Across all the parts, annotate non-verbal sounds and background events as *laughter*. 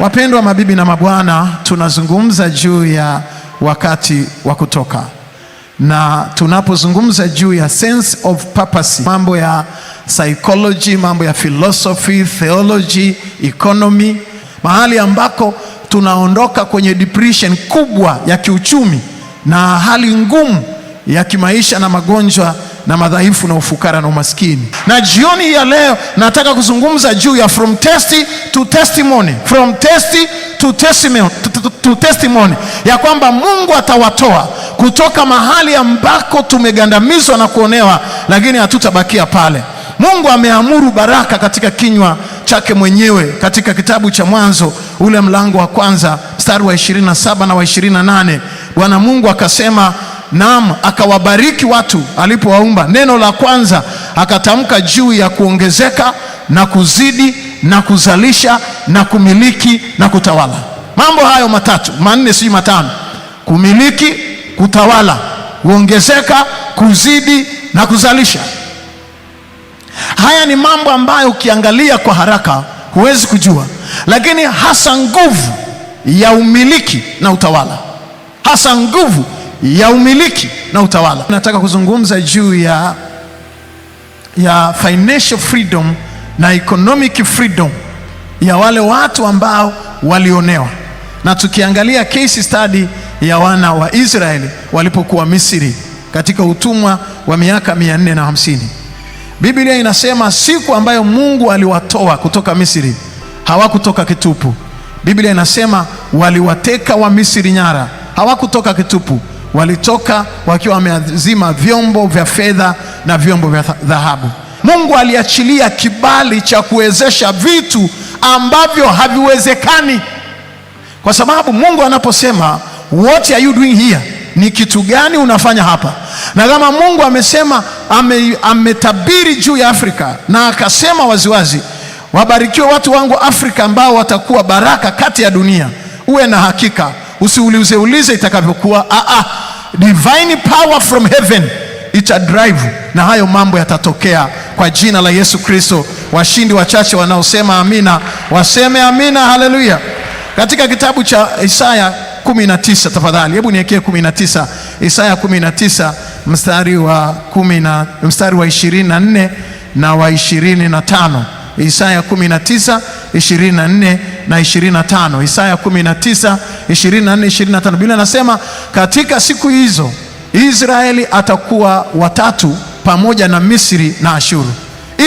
Wapendwa mabibi na mabwana, tunazungumza juu ya wakati wa kutoka, na tunapozungumza juu ya sense of purpose, mambo ya psychology, mambo ya philosophy, theology, economy, mahali ambako tunaondoka kwenye depression kubwa ya kiuchumi na hali ngumu ya kimaisha na magonjwa na madhaifu na ufukara na umaskini. Na jioni ya leo nataka kuzungumza juu ya from test to testimony, from test to testimony, to testimony, ya kwamba Mungu atawatoa kutoka mahali ambako tumegandamizwa na kuonewa, lakini hatutabakia pale. Mungu ameamuru baraka katika kinywa chake mwenyewe katika kitabu cha Mwanzo ule mlango wa kwanza mstari wa 27 na wa 28, Bwana Mungu akasema Naam, akawabariki watu alipowaumba. Neno la kwanza akatamka juu ya kuongezeka na kuzidi na kuzalisha na kumiliki na kutawala. Mambo hayo matatu manne, si matano: kumiliki, kutawala, kuongezeka, kuzidi na kuzalisha. Haya ni mambo ambayo ukiangalia kwa haraka huwezi kujua, lakini hasa nguvu ya umiliki na utawala, hasa nguvu ya umiliki na utawala. Nataka kuzungumza juu ya, ya financial freedom na economic freedom ya wale watu ambao walionewa, na tukiangalia case study ya wana wa Israeli walipokuwa Misri katika utumwa wa miaka 450. Biblia inasema siku ambayo Mungu aliwatoa kutoka Misri hawakutoka kitupu. Biblia inasema waliwateka wa Misri nyara, hawakutoka kitupu walitoka wakiwa wameazima vyombo vya fedha na vyombo vya dhahabu. Mungu aliachilia kibali cha kuwezesha vitu ambavyo haviwezekani, kwa sababu Mungu anaposema what are you doing here, ni kitu gani unafanya hapa? Na kama Mungu amesema ame, ametabiri juu ya Afrika na akasema waziwazi, wabarikiwe watu wangu Afrika ambao watakuwa baraka kati ya dunia, uwe na hakika, ulize itakavyokuwa. Aa, ah, ah divine power from heaven itadrive na hayo mambo yatatokea kwa jina la Yesu Kristo. Washindi wachache wanaosema amina waseme amina, haleluya. Katika kitabu cha Isaya 19 tafadhali, hebu niwekee 19, Isaya 19 mstari wa 10, mstari wa 24 na wa 25, Isaya 19 24 na 25, Isaya 19 24 25. Biblia nasema katika siku hizo Israeli atakuwa watatu pamoja na Misri na Ashuru.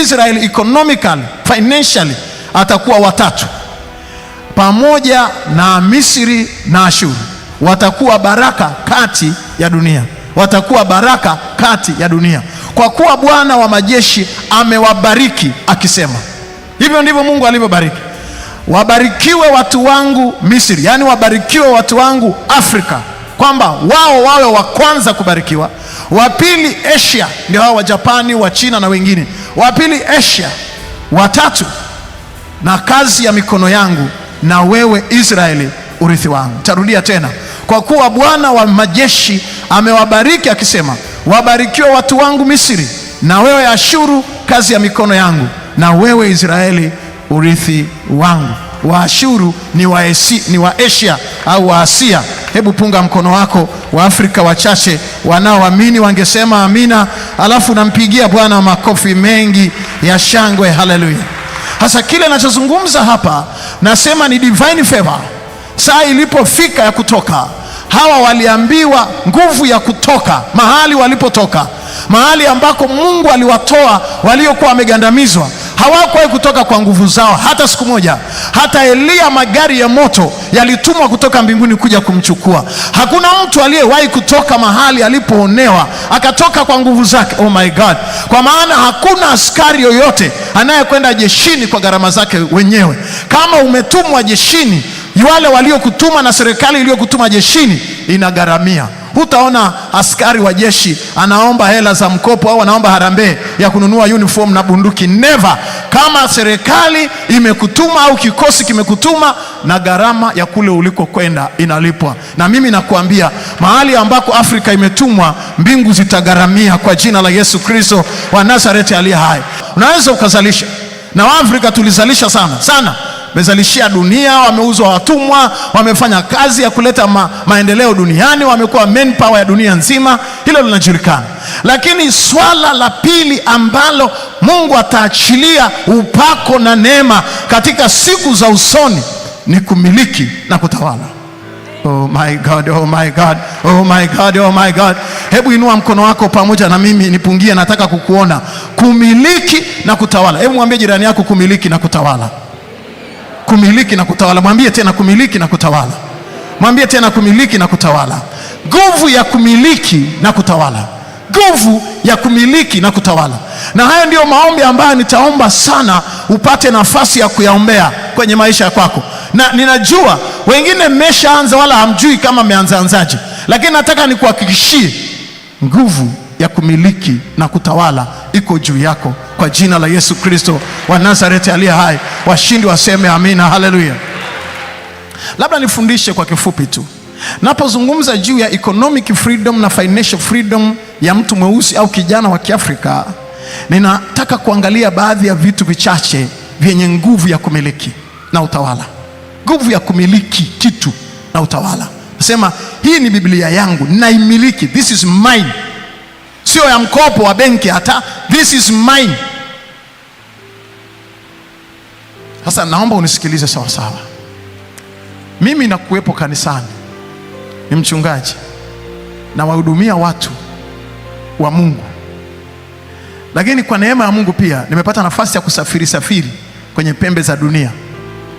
Israeli economically, financially atakuwa watatu pamoja na Misri na Ashuru, watakuwa baraka kati ya dunia, watakuwa baraka kati ya dunia, kwa kuwa Bwana wa majeshi amewabariki akisema Hivyo ndivyo Mungu alivyobariki. Wabarikiwe watu wangu Misri, yaani wabarikiwe watu wangu Afrika, kwamba wao wawe wa kwanza kubarikiwa. Wa pili Asia, ndio hao Wajapani, wa China na wengine. Wa pili Asia, watatu na kazi ya mikono yangu, na wewe Israeli urithi wangu. Tarudia tena, kwa kuwa Bwana wa majeshi amewabariki akisema, wabarikiwe watu wangu Misri, na wewe Ashuru, kazi ya mikono yangu na wewe Israeli urithi wangu. Waashuru ni wa, esi, ni wa Asia au wa Asia. Hebu punga mkono wako. Waafrika wachache wanaoamini wangesema amina, alafu nampigia Bwana makofi mengi ya shangwe. Haleluya! Hasa kile nachozungumza hapa, nasema ni divine favor. Saa ilipofika ya kutoka, hawa waliambiwa nguvu ya kutoka mahali walipotoka, mahali ambako Mungu aliwatoa waliokuwa wamegandamizwa hawakuwahi kutoka kwa nguvu zao hata siku moja. Hata Eliya, magari ya moto yalitumwa kutoka mbinguni kuja kumchukua. Hakuna mtu aliyewahi kutoka mahali alipoonewa akatoka kwa nguvu zake. Oh my God! Kwa maana hakuna askari yoyote anayekwenda jeshini kwa gharama zake wenyewe. Kama umetumwa jeshini, wale waliokutuma na serikali iliyokutuma jeshini inagharamia. Hutaona askari wa jeshi anaomba hela za mkopo au anaomba harambee ya kununua uniform na bunduki. Never. Kama serikali imekutuma au kikosi kimekutuma, na gharama ya kule ulikokwenda inalipwa. Na mimi nakuambia mahali ambako Afrika imetumwa, mbingu zitagharamia kwa jina la Yesu Kristo wa Nazareti aliye hai. Unaweza ukazalisha, na Waafrika tulizalisha sana sana wamezalishia dunia, wameuzwa watumwa, wamefanya kazi ya kuleta ma, maendeleo duniani, wamekuwa power ya dunia nzima. Hilo linajulikana, lakini swala la pili ambalo Mungu ataachilia upako na neema katika siku za usoni ni kumiliki na kutawala. Oh my God, oh my God, oh my God, oh my God. Hebu inua mkono wako pamoja na mimi nipungie, nataka kukuona kumiliki na kutawala. Hebu mwambie jirani yako kumiliki na kutawala kumiliki na kutawala. Mwambie tena kumiliki na kutawala. Mwambie tena kumiliki na kutawala. Nguvu ya kumiliki na kutawala, nguvu ya kumiliki na kutawala. Na hayo ndiyo maombi ambayo nitaomba sana upate nafasi ya kuyaombea kwenye maisha ya kwako, na ninajua wengine mmeshaanza wala hamjui kama mmeanzaanzaje, lakini nataka nikuhakikishie nguvu ya kumiliki na kutawala iko juu yako kwa jina la Yesu Kristo wa Nazareti aliye hai. Washindi waseme amina, haleluya. Labda nifundishe kwa kifupi tu. Napozungumza juu ya economic freedom na financial freedom ya mtu mweusi au kijana wa Kiafrika, ninataka kuangalia baadhi ya vitu vichache vyenye nguvu ya kumiliki na utawala. Nguvu ya kumiliki kitu na utawala. Nasema hii ni Biblia yangu, naimiliki. This is mine sio ya mkopo wa benki, hata this is mine. Sasa naomba unisikilize sawa sawa. Mimi nakuwepo kanisani, ni mchungaji na wahudumia watu wa Mungu, lakini kwa neema ya Mungu pia nimepata nafasi ya kusafiri safiri kwenye pembe za dunia,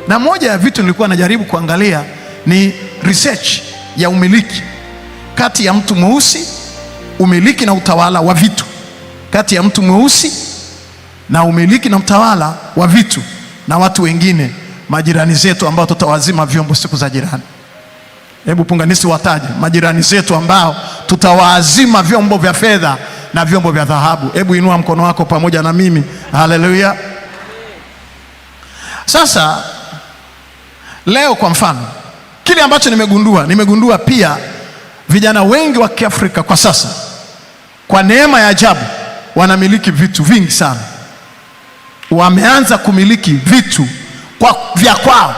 na moja ya vitu nilikuwa najaribu kuangalia ni research ya umiliki kati ya mtu mweusi umiliki na utawala wa vitu kati ya mtu mweusi na umiliki na utawala wa vitu na watu wengine majirani zetu ambao tutawazima vyombo siku za jirani. Hebu punganisi wataje majirani zetu ambao tutawazima vyombo vya fedha na vyombo vya dhahabu. Hebu inua mkono wako pamoja na mimi. Haleluya! Sasa leo kwa mfano, kile ambacho nimegundua, nimegundua pia vijana wengi wa Kiafrika kwa sasa kwa neema ya ajabu wanamiliki vitu vingi sana, wameanza kumiliki vitu kwa vya kwao,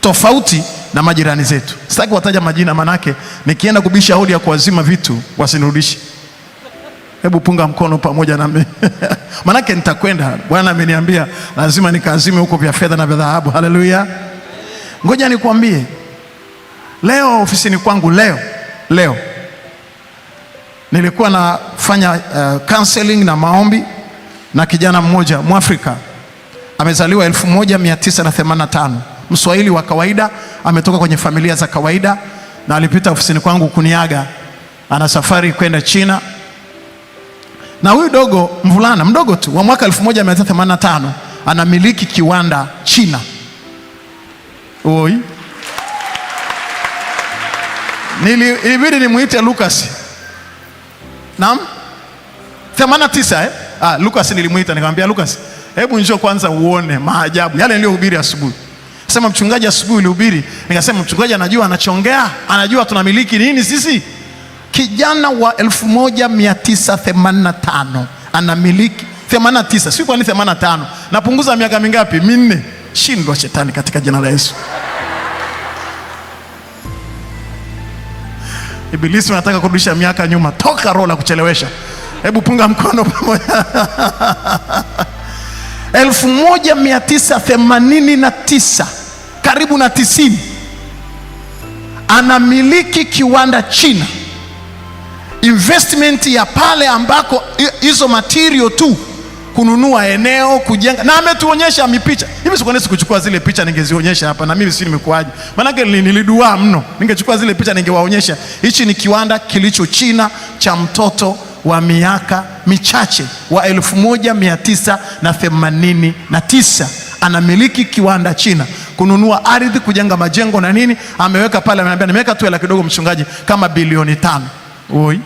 tofauti na majirani zetu. Sitaki wataja majina, manake nikienda kubisha hodi ya kuwazima vitu wasinirudishi Hebu punga mkono pamoja nami *laughs* manake nitakwenda. Bwana ameniambia lazima nikaazime huko vya fedha na vya dhahabu. Haleluya! Ngoja nikwambie leo ofisini kwangu leo leo Nilikuwa nafanya uh, counseling na maombi na kijana mmoja Mwafrika amezaliwa 1985 Mswahili wa kawaida, ametoka kwenye familia za kawaida, na alipita ofisini kwangu kuniaga, ana safari kwenda China. Na huyu dogo mvulana mdogo tu wa mwaka 1985 anamiliki kiwanda China. Oi, nilibidi nimwite Lucas Naam? 89 eh? Ah, Lucas nilimuita nikamwambia Lucas, hebu njoo kwanza uone maajabu yale niliyohubiri asubuhi. Sema mchungaji, asubuhi ulihubiri. Nikasema mchungaji anajua anachongea, anajua tunamiliki nini sisi. Kijana wa 1985 anamiliki 89, si kwani 85. Napunguza miaka mingapi? Minne. Shindwa shetani katika jina la Yesu. Ibilisi unataka kurudisha miaka nyuma. Toka roho la kuchelewesha, hebu punga mkono pamoja. *laughs* elfu moja mia tisa themanini na tisa karibu na tisini, anamiliki kiwanda China. Investment ya pale ambako hizo material tu kununua eneo, kujenga, na ametuonyesha mipicha hivi. Sikuone sikuchukua zile picha, ningezionyesha hapa na mimi si nimekuaje? Maanake niliduaa mno, ningechukua zile picha ningewaonyesha. Hichi ni kiwanda kilicho China cha mtoto wa miaka michache wa 1989 anamiliki kiwanda China, kununua ardhi, kujenga majengo na nini. Ameweka pale, ameniambia nimeweka tu hela kidogo, mchungaji, kama bilioni tano. Oi,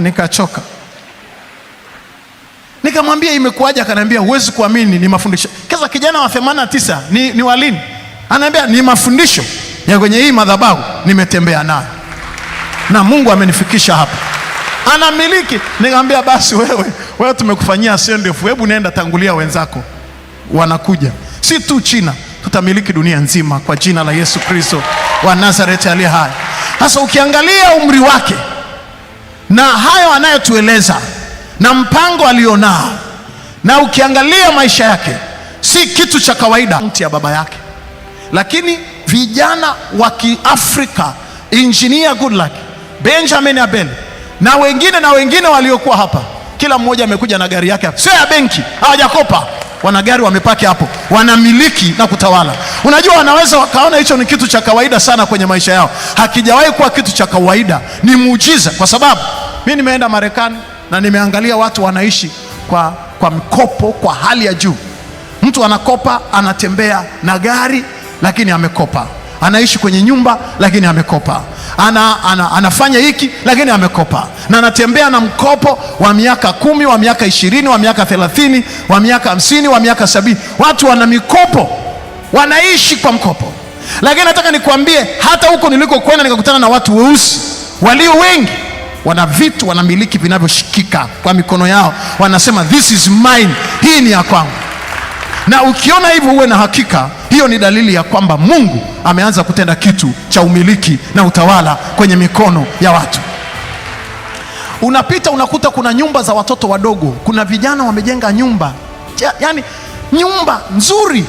nikachoka. Nikamwambia imekuwaje? Akaniambia huwezi kuamini, ni mafundisho. Kaza kijana wa 89 ni, ni walini, Ananiambia ni mafundisho ya kwenye hii madhabahu nimetembea nayo na Mungu amenifikisha hapa, anamiliki. Nikamwambia basi wewe, wewe tumekufanyia send off, hebu nenda tangulia wenzako, wanakuja si tu China, tutamiliki dunia nzima kwa jina la Yesu Kristo wa Nazareti aliye hai. Sasa ukiangalia umri wake na hayo anayotueleza na mpango alionao, na ukiangalia maisha yake si kitu cha kawaida, mti ya baba yake. Lakini vijana wa Kiafrika, Engineer Goodluck, Benjamin Abel na wengine na wengine waliokuwa hapa, kila mmoja amekuja na gari yake, sio ya benki, hawajakopa wana gari wamepaki hapo, wanamiliki na kutawala. Unajua, wanaweza wakaona hicho ni kitu cha kawaida sana kwenye maisha yao. Hakijawahi kuwa kitu cha kawaida, ni muujiza. Kwa sababu mimi nimeenda Marekani na nimeangalia watu wanaishi kwa, kwa mkopo kwa hali ya juu. Mtu anakopa anatembea na gari lakini amekopa, anaishi kwenye nyumba lakini amekopa, ana, ana, anafanya hiki lakini amekopa, na anatembea na mkopo wa miaka kumi, wa miaka ishirini, wa miaka thelathini, wa miaka hamsini, wa miaka sabini. Watu wana mikopo, wanaishi kwa mkopo. Lakini nataka nikuambie hata huko nilikokwenda nikakutana na watu weusi walio wengi wana vitu wanamiliki vinavyoshikika kwa mikono yao, wanasema this is mine, hii ni ya kwangu. Na ukiona hivyo, uwe na hakika hiyo ni dalili ya kwamba Mungu ameanza kutenda kitu cha umiliki na utawala kwenye mikono ya watu. Unapita unakuta kuna nyumba za watoto wadogo, kuna vijana wamejenga nyumba, yani nyumba nzuri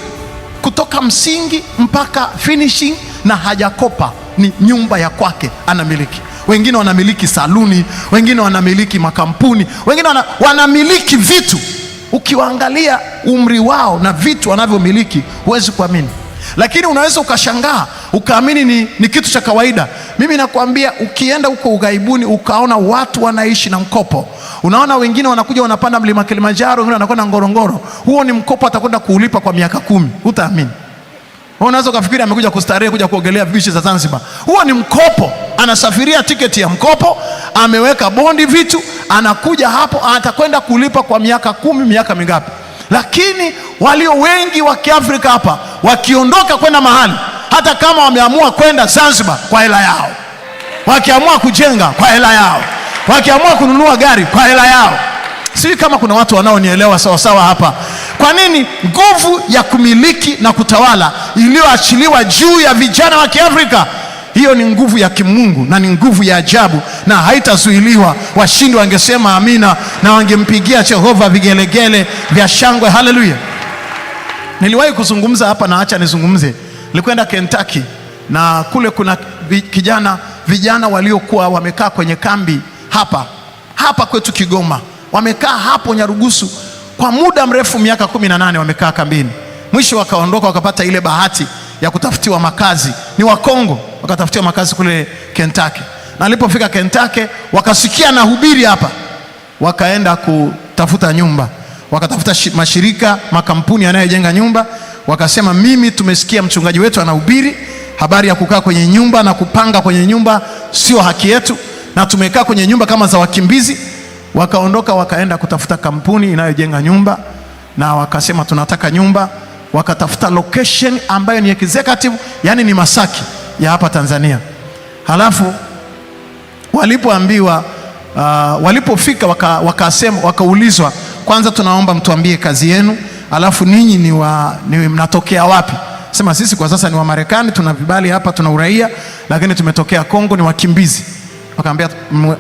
kutoka msingi mpaka finishing, na hajakopa, ni nyumba ya kwake, anamiliki wengine wanamiliki saluni, wengine wanamiliki makampuni, wengine wana, wanamiliki vitu. Ukiwaangalia umri wao na vitu wanavyomiliki huwezi kuamini, lakini unaweza ukashangaa ukaamini ni, ni kitu cha kawaida. Mimi nakwambia ukienda huko ughaibuni ukaona watu wanaishi na mkopo. Unaona wengine wanakuja wanapanda mlima Kilimanjaro, wengine wanakwenda Ngorongoro. Huo ni mkopo, atakwenda kuulipa kwa miaka kumi, hutaamini. Unaweza ukafikiri amekuja kustarehe, kuja kuogelea bichi za Zanzibar. Huo ni mkopo, anasafiria tiketi ya mkopo, ameweka bondi, vitu anakuja hapo, atakwenda kulipa kwa miaka kumi, miaka mingapi. Lakini walio wengi wa Kiafrika hapa wakiondoka kwenda mahali, hata kama wameamua kwenda Zanzibar kwa hela yao, wakiamua kujenga kwa hela yao, wakiamua kununua gari kwa hela yao, sijui kama kuna watu wanaonielewa sawasawa hapa. Kwa nini? Nguvu ya kumiliki na kutawala iliyoachiliwa juu ya vijana wa Kiafrika, hiyo ni nguvu ya kimungu na ni nguvu ya ajabu na haitazuiliwa. Washindi wangesema amina na wangempigia Jehova vigelegele vya shangwe. Haleluya! Niliwahi kuzungumza hapa na acha nizungumze. Nilikwenda Kentucky na kule kuna kijana vijana waliokuwa wamekaa kwenye kambi hapa hapa kwetu Kigoma, wamekaa hapo Nyarugusu kwa muda mrefu, miaka kumi na nane wamekaa kambini, mwisho wakaondoka, wakapata ile bahati ya kutafutiwa makazi. Ni Wakongo, wakatafutiwa makazi kule Kentucky, na alipofika Kentucky wakasikia na hubiri hapa, wakaenda kutafuta nyumba, wakatafuta mashirika, makampuni yanayojenga nyumba, wakasema, mimi tumesikia mchungaji wetu anahubiri habari ya kukaa kwenye nyumba na kupanga kwenye nyumba sio haki yetu, na tumekaa kwenye nyumba kama za wakimbizi Wakaondoka wakaenda kutafuta kampuni inayojenga nyumba, na wakasema tunataka nyumba. Wakatafuta location ambayo ni executive, yani ni Masaki ya hapa Tanzania. Halafu walipoambiwa uh, walipofika wakasema waka wakaulizwa, kwanza tunaomba mtuambie kazi yenu, alafu ninyi ni, wa, ni mnatokea wapi? Sema sisi kwa sasa ni wa Marekani, tuna vibali hapa, tuna uraia, lakini tumetokea Kongo, ni wakimbizi. Wakaambia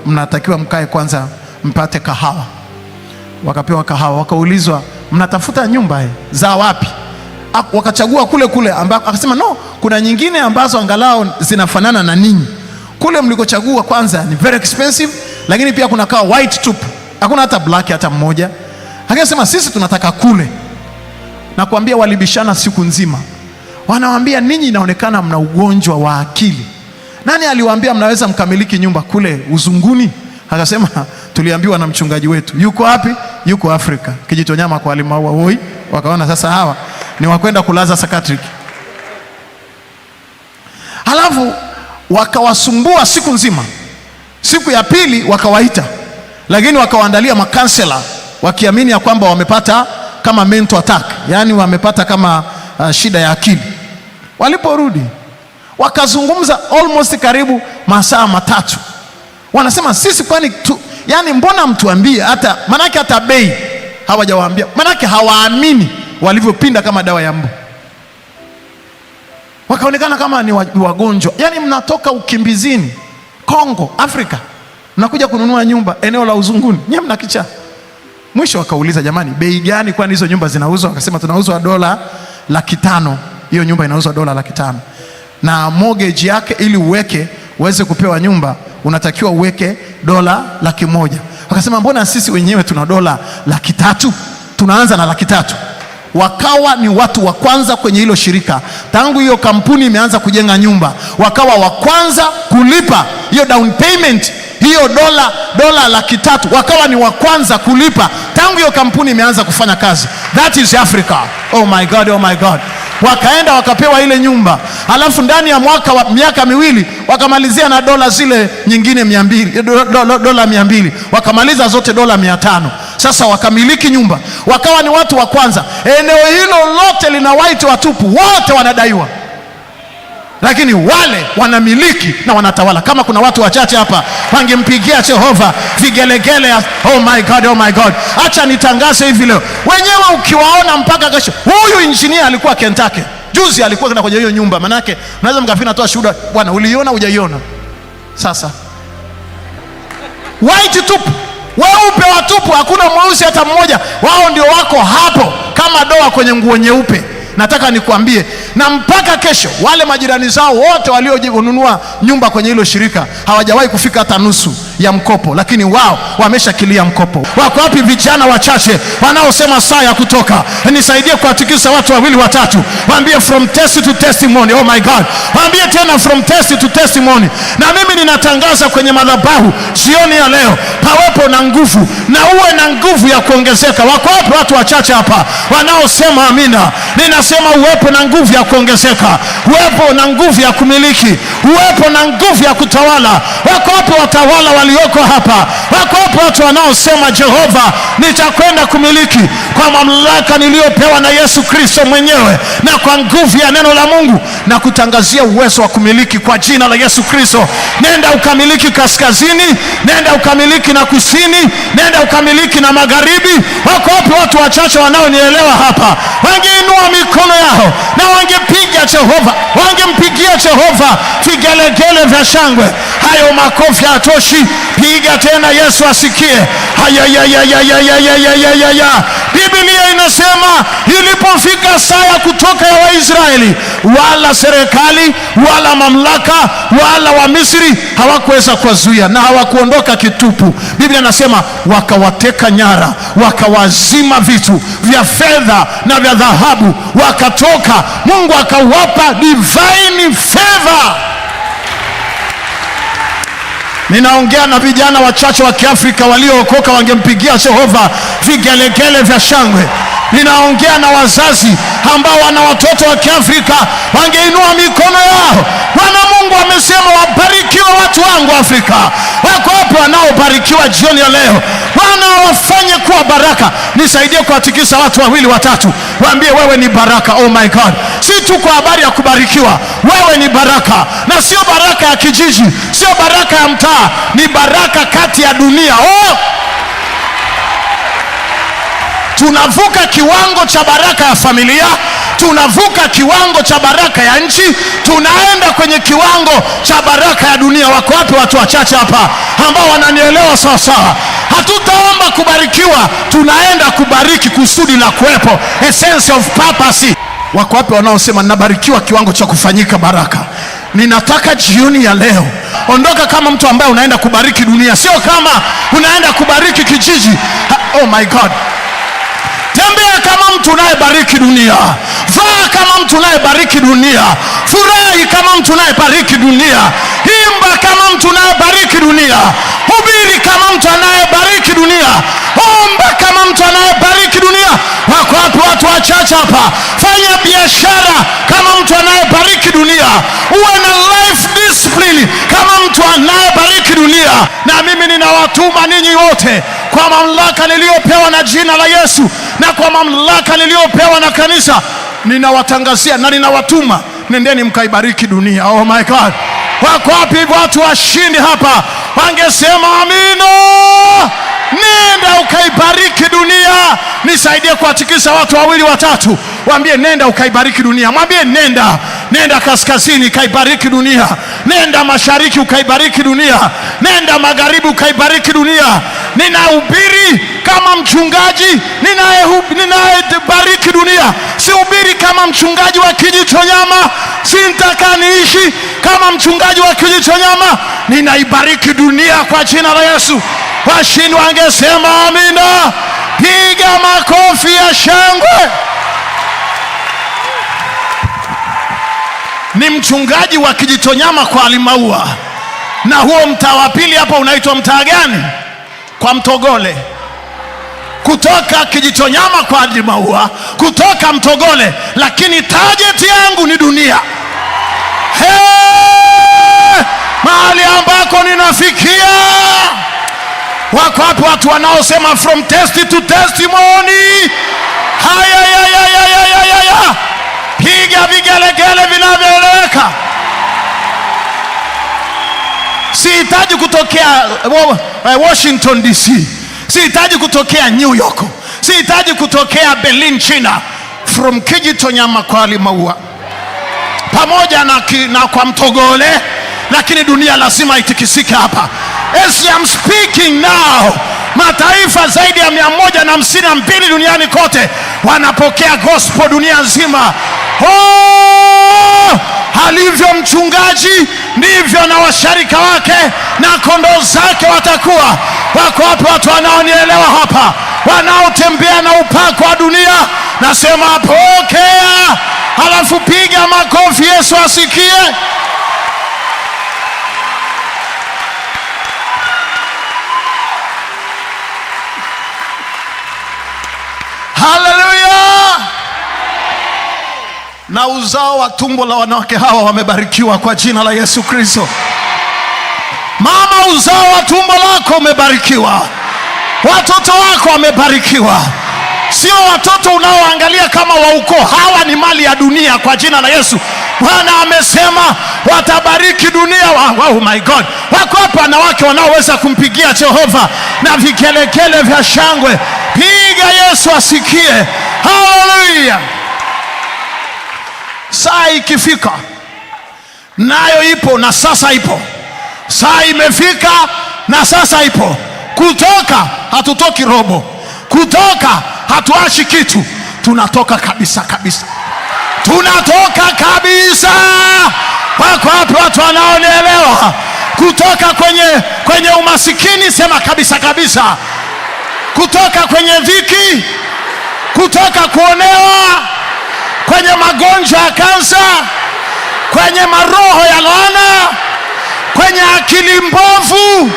mnatakiwa mkae kwanza mpate kahawa. Wakapewa kahawa, wakaulizwa mnatafuta nyumba za wapi? Wakachagua kule kule ambako, akasema no, kuna nyingine ambazo angalau zinafanana na ninyi. Kule mlikochagua kwanza ni very expensive, lakini pia kuna kawa white tupu, hakuna hata black hata mmoja. Akasema sisi tunataka kule. Nakwambia walibishana siku nzima, wanawambia ninyi inaonekana mna ugonjwa wa akili. Nani aliwaambia mnaweza mkamiliki nyumba kule uzunguni? Akasema tuliambiwa na mchungaji wetu. Yuko wapi? Yuko Afrika, Kijitonyama kwa Alimaua hoi, Wakaona sasa hawa ni wakwenda kulaza sakatriki, halafu wakawasumbua siku nzima. Siku ya pili wakawaita, lakini wakawaandalia makansela wakiamini ya kwamba wamepata kama mental attack, yaani wamepata kama uh, shida ya akili. Waliporudi wakazungumza almost karibu masaa matatu, wanasema sisi kwani tu, Yaani mbona mtuambie hata manake, hata bei hawajawaambia, manake hawaamini walivyopinda kama dawa ya mbu, wakaonekana kama ni wagonjwa. Yaani mnatoka ukimbizini Kongo, Afrika, mnakuja kununua nyumba eneo la Uzunguni, nyewe mnakicha. Mwisho wakauliza jamani, bei gani kwani hizo nyumba zinauzwa? Wakasema tunauzwa dola laki tano. Hiyo nyumba inauzwa dola laki tano na mortgage yake ili uweke uweze kupewa nyumba unatakiwa uweke dola laki moja. Wakasema mbona sisi wenyewe tuna dola laki tatu, tunaanza na laki tatu. Wakawa ni watu wa kwanza kwenye hilo shirika, tangu hiyo kampuni imeanza kujenga nyumba, wakawa wa kwanza kulipa hiyo down payment, hiyo dola dola laki tatu, wakawa ni wa kwanza kulipa tangu hiyo kampuni imeanza kufanya kazi. That is Africa. Oh my God, oh my God wakaenda wakapewa ile nyumba, alafu ndani ya mwaka wa miaka miwili wakamalizia na dola zile nyingine mia mbili eh, do, do, do, dola mia mbili wakamaliza zote dola mia tano Sasa wakamiliki nyumba, wakawa ni watu wa kwanza. Eneo hilo lote lina waiti watupu, wote wanadaiwa lakini wale wanamiliki na wanatawala. Kama kuna watu wachache hapa wangempigia Jehova vigelegele, oh my God, oh my God. Acha nitangaze hivi leo, wenyewe ukiwaona mpaka kesho. Huyu injinia alikuwa Kentucky juzi, alikuwa kenda kwenye hiyo nyumba, manake mnaweza mkafika. Natoa shuhuda, bwana, uliona hujaiona? Sasa white tupu, weupe watupu, hakuna mweusi hata mmoja. Wao ndio wako hapo kama doa kwenye nguo nyeupe. Nataka nikuambie na mpaka kesho wale majirani zao wote walionunua nyumba kwenye hilo shirika hawajawahi kufika hata nusu ya mkopo, lakini wao wameshakilia mkopo. Wako wapi vijana wachache wanaosema saa ya kutoka? Nisaidie kuwatikisa watu wawili watatu, waambie from test to testimony. Oh my God, waambie tena from test to testimony. Na mimi ninatangaza kwenye madhabahu jioni ya leo, pawepo na nguvu na uwe na nguvu ya kuongezeka. Wako wapi watu wachache hapa wanaosema amina? Ninasema uwepo na nguvu ya kuongezeka, uwepo na nguvu ya kumiliki, uwepo na nguvu ya kutawala. Wako wapi watawala wali walioko hapa. Wako watu wanaosema Jehova, nitakwenda kumiliki kwa mamlaka niliyopewa na Yesu Kristo mwenyewe na kwa nguvu ya neno la Mungu, na kutangazia uwezo wa kumiliki kwa jina la Yesu Kristo. Nenda ukamiliki kaskazini, nenda ukamiliki na kusini, nenda ukamiliki na magharibi. Wako watu wachache wanaonielewa hapa, wangeinua mikono yao na wangepiga Jehova, wangempigia Jehova vigelegele vya shangwe. Hayo makofi atoshi piga tena, Yesu asikie. Hayayayayayayayayaya, Biblia inasema ilipofika saa ya kutoka ya Waisraeli, wala serikali wala mamlaka wala Wamisri hawakuweza kuwazuia na hawakuondoka kitupu. Biblia inasema wakawateka nyara, wakawazima vitu vya fedha na vya dhahabu, wakatoka. Mungu akawapa divine favor Ninaongea na vijana wachache wa Kiafrika waliookoka wangempigia Jehova vigelegele vya shangwe. Ninaongea na wazazi ambao wana watoto wa Kiafrika wangeinua mikono yao. Bwana Mungu amesema, wabarikiwe watu wangu Afrika. Wako wapo wanaobarikiwa jioni ya leo? Bwana wafanye kuwa baraka. Nisaidie kuwatikisa watu wawili watatu, waambie wewe ni baraka. Oh my God, si tu kwa habari ya kubarikiwa wewe ni baraka, na sio baraka ya kijiji, sio baraka ya mtaa, ni baraka kati ya dunia. Oh, tunavuka kiwango cha baraka ya familia tunavuka kiwango cha baraka ya nchi, tunaenda kwenye kiwango cha baraka ya dunia. Wako wapi watu wachache hapa ambao wananielewa sawa sawa? Hatutaomba kubarikiwa, tunaenda kubariki kusudi la kuwepo, essence of purpose. Wako wapi wanaosema nabarikiwa kiwango cha kufanyika baraka? Ninataka jioni ya leo ondoka kama mtu ambaye unaenda kubariki dunia, sio kama unaenda kubariki kijiji. Ha, oh my God, tembea kama mtu unayebariki dunia, vaa kama mtu unayebariki dunia, furahi kama mtu unayebariki dunia, imba kama mtu unayebariki dunia, hubiri kama mtu anayebariki dunia, omba kama mtu anayebariki dunia. Wako hapo watu wachache hapa. Fanya biashara kama mtu anayebariki dunia, uwe na life discipline kama mtu anayebariki dunia. Na mimi ninawatuma ninyi wote kwa mamlaka niliyopewa na jina la Yesu na kwa mamlaka niliyopewa na kanisa, ninawatangazia na ninawatuma, nendeni mkaibariki dunia. Oh my God, wako wapi watu washindi hapa? Wangesema amina nenda ukaibariki dunia. Nisaidie kuwatikisa watu wawili watatu, waambie nenda ukaibariki dunia. Mwambie nenda, nenda kaskazini kaibariki dunia, nenda mashariki ukaibariki dunia, nenda magharibi ukaibariki dunia. Ninahubiri kama mchungaji ninayebariki dunia, sihubiri kama mchungaji wa nyama Sintaka niishi kama mchungaji wa nyama Ninaibariki dunia kwa jina la Yesu washindwa angesema amina. Piga makofi ya shangwe. Ni mchungaji wa Kijitonyama kwa Alimaua, na huo mtaa wa pili hapo unaitwa mtaa gani? Kwa Mtogole kutoka Kijitonyama kwa Alimaua, kutoka Mtogole, lakini target yangu ni dunia. Hey! mahali ambako ninafikia Wako hapo watu wanaosema from test to testimony. Haya ya ya ya ya ya ya, piga vigelegele vinavyoeleweka. Sihitaji kutokea eh, Washington DC, sihitaji kutokea New York, sihitaji kutokea Berlin, China. From Kijitonyama kwa hali maua pamoja na, na kwa Mtogole, lakini dunia lazima itikisike hapa. As am speaking now, mataifa zaidi ya mia moja na hamsini na mbili duniani kote wanapokea gospel dunia nzima. Oh, alivyo mchungaji ndivyo na washarika wake na kondoo zake watakuwa. Wako hapa watu wanaonielewa hapa, wanaotembea na upako wa dunia. Nasema pokea, halafu piga makofi, Yesu asikie. Haleluya! Na uzao wa tumbo la wanawake hawa wamebarikiwa kwa jina la Yesu Kristo. Mama, uzao wa tumbo lako umebarikiwa, watoto wako wamebarikiwa. Sio watoto unaoangalia kama wa ukoo, hawa ni mali ya dunia kwa jina la Yesu. Bwana amesema watabariki dunia. Oh my God, wako hapa wanawake wanaoweza kumpigia Jehova na vikelekele vya shangwe piga Yesu asikie. Haleluya! Saa ikifika nayo ipo na sasa ipo. Saa imefika na sasa ipo. Kutoka hatutoki robo, kutoka hatuashi kitu, tunatoka kabisa kabisa, tunatoka kabisa. Wako wapi watu wanaonielewa? Kutoka kwenye, kwenye umasikini, sema kabisa kabisa kutoka kwenye dhiki, kutoka kuonewa, kwenye magonjwa ya kansa, kwenye maroho ya laana, kwenye akili mbovu,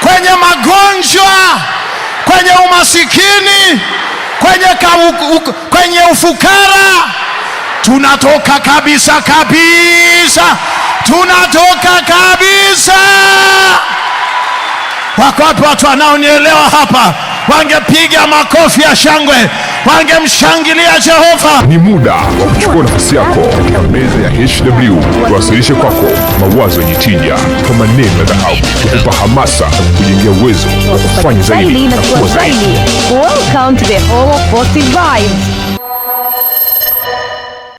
kwenye magonjwa, kwenye umasikini, kwenye, u, kwenye ufukara. Tunatoka kabisa kabisa, tunatoka kabisa. Wako watu wanaonielewa hapa? wangepiga makofi ya shangwe, wangemshangilia Jehova. Ni muda wa kuchukua nafasi yako katika meza ya HW, tuwasilishe kwako mawazo yenye tija kwa maneno ya dhahabu, kukupa hamasa na kujengea uwezo wa kufanya zaidi na kuwa zaidi. Welcome to the Hall of Positive Vibes.